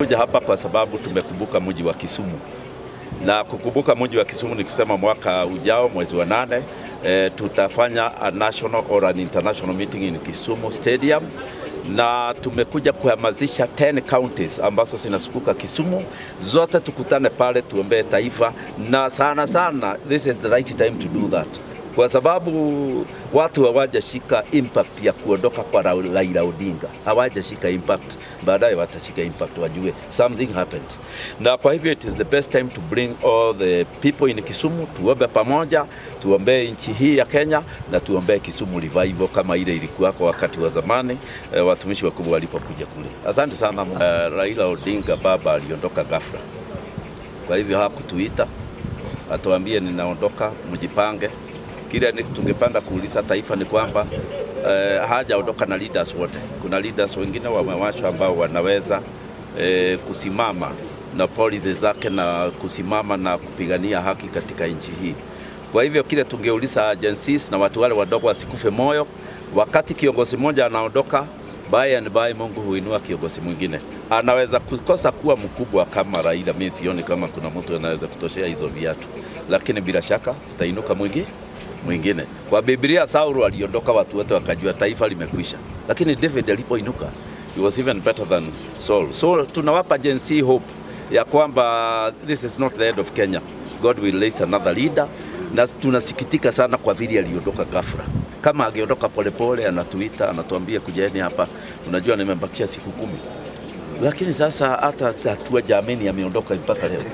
Tumekuja hapa kwa sababu tumekumbuka mji wa Kisumu na kukumbuka mji wa Kisumu ni kusema mwaka ujao mwezi wa nane e, tutafanya a national or an international meeting in Kisumu Stadium, na tumekuja kuhamasisha 10 counties ambazo zinasukuka Kisumu zote tukutane pale, tuombee taifa na sana sana, this is the right time to do that kwa sababu watu hawajashika impact ya kuondoka kwa Raila Odinga, hawajashika impact. Baadaye watashika impact, wajue something happened. Na kwa hivyo it is the best time to bring all the people in Kisumu, tuombe pamoja, tuombee nchi hii ya Kenya na tuombee Kisumu revival kama ile ilikuwa kwa wakati wa zamani, eh, watumishi wakubwa walipokuja kule. Asante sana. Uh, Raila Odinga baba aliondoka ghafla, kwa hivyo hakutuita atuambie ninaondoka, mjipange Kile tungependa kuuliza taifa ni kwamba eh, hajaondoka na leaders wote. Kuna leaders wengine wamewachwa ambao wanaweza eh, kusimama na policies zake na kusimama na kupigania haki katika nchi hii. Kwa hivyo kile tungeuliza agencies na watu wale wadogo wasikufe moyo, wakati kiongozi mmoja anaondoka, by and by Mungu huinua kiongozi mwingine. Anaweza kukosa kuwa mkubwa kama Raila, mimi sioni kama kuna mtu anaweza kutoshea hizo viatu, lakini bila shaka utainuka mwingine mwingine. Kwa Biblia Sauru aliondoka, watu wote wakajua taifa limekwisha, lakini David alipoinuka he was even better than Saul. So tunawapa Gen Z hope ya kwamba this is not the end of Kenya. God will raise another leader, na tunasikitika sana kwa vile aliondoka ghafla. Kama angeondoka polepole, anatuita anatuambia, kujeni hapa, unajua nimebakia siku kumi, lakini sasa hata hatua jamini ameondoka mpaka leo.